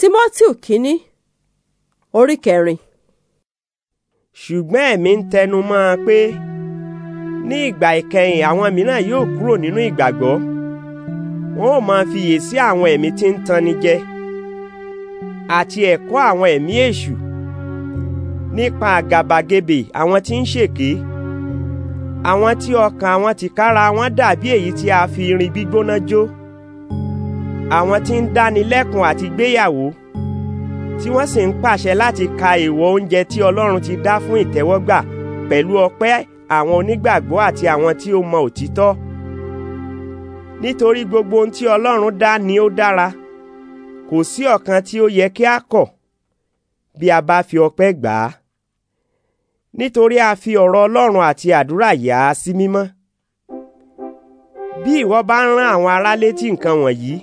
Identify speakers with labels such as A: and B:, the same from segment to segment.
A: Tímóteo kínní orí kẹrin. ṣùgbọ́n èmi ń tẹnu mọ́ ọ pé ní ìgbà ìkẹyìn àwọn mìíràn yóò kúrò nínú ìgbàgbọ́ wọn ò máa fiyè sí àwọn ẹ̀mí tí ń tanni jẹ àti ẹ̀kọ́ àwọn ẹ̀mí èṣù nípa àgàbàgebè àwọn tí ń ṣèké àwọn tí ọkàn àwọn tìkára wọn dàbí èyí tí a fi irin gbígbóná jó. Jo àwọn tí ń dáni lẹ́kun àti gbéyàwó tí wọ́n sì ń pàṣẹ láti ka èèwọ̀ oúnjẹ tí Ọlọ́run ti dá fún ìtẹ́wọ́gbà pẹ̀lú ọpẹ́ àwọn onígbàgbọ́ àti àwọn tí ó mọ òtítọ́ nítorí gbogbo ohun tí Ọlọ́run dá ni ó dára kò sí ọ̀kan tí ó yẹ kí a kọ̀ bí a bá fi ọpẹ́ gbà á nítorí a fi ọ̀rọ̀ Ọlọ́run àti àdúrà yà á sí mímọ́ bí ìwọ bá ń rán àwọn ará létí nǹkan wọ̀nyí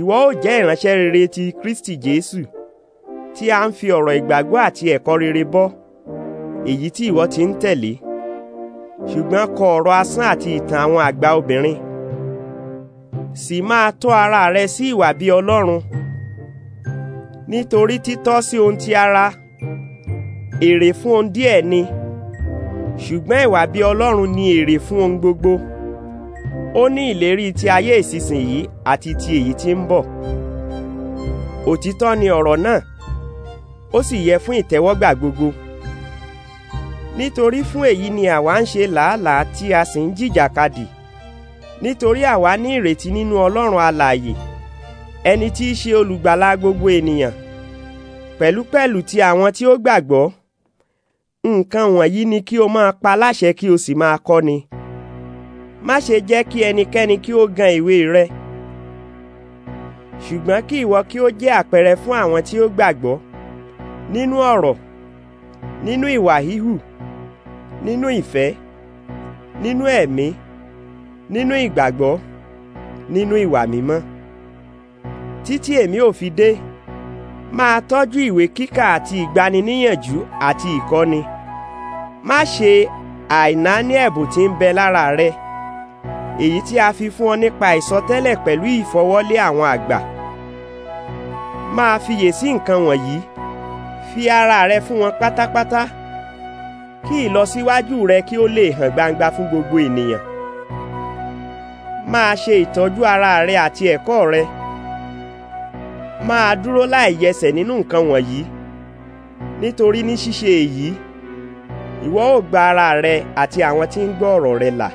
A: ìwọ ó jẹ́ ìránṣẹ́ rere ti Kristi Jésù tí a ń fi ọ̀rọ̀ ìgbàgbọ́ àti ẹ̀kọ́ rere bọ́ èyí tí ìwọ ti ń tẹ̀lé ṣùgbọ́n kọ ọ̀rọ̀ asán àti ìtàn àwọn àgbà obìnrin sì máa tọ́ ara rẹ sí ìwà bí Ọlọ́run nítorí títọ́ sí ohun ti ara èrè fún ohun díẹ̀ ni ṣùgbọ́n ìwà bí Ọlọ́run ni èrè fún ohun gbogbo ó ní ìlérí ti ayé ìsinsìnyí àti ti èyí tí ń bọ̀ òtítọ́ ni ọ̀rọ̀ náà ó sì yẹ fún ìtẹ́wọ́gbà gbogbo nítorí fún èyí ni àwa ń ṣe làálàá tí a sì ń jìjàkadì nítorí àwa ní ìrètí nínú Ọlọ́run alààyè ẹni tí í ṣe olùgbàlà gbogbo ènìyàn pẹ̀lúpẹ̀lú ti àwọn tí ó gbàgbọ́ nǹkan wọ̀nyí ni kí o máa pa láṣẹ kí o sì máa kọ́ni má ṣe jẹ́ kí ẹnikẹ́ni kí ó gan ìwé rẹ ṣùgbọ́n kí ìwọ kí ó jẹ́ àpẹẹrẹ fún àwọn tí ó gbàgbọ́ nínú ọ̀rọ̀ nínú ìwà híhù nínú ìfẹ́ nínú ẹ̀mí nínú ìgbàgbọ́ nínú ìwà mímọ́ títí èmi ò fi dé máa tọ́jú ìwé kíkà àti ìgbaniníyànjú àti ìkọ́ni má ṣe àìnáání ẹ̀bùn tí ń bẹ lára rẹ èyí tí a fi fún ọ nípa ìsọtẹ́lẹ̀ pẹ̀lú ìfọwọ́lé àwọn àgbà máa fiyèsí nǹkan wọ̀nyí fi ara rẹ fún wọn pátápátá kí ìlọsíwájú rẹ kí ó lè hàn gbangba fún gbogbo ènìyàn máa ṣe ìtọ́jú ara rẹ àti ẹ̀kọ́ rẹ máa dúró láì yẹsẹ̀ nínú nǹkan wọ̀nyí nítorí ní ṣíṣe èyí ìwọ ó gba ara rẹ àti àwọn tí ń gbọ́ ọ̀rọ̀ rẹ là.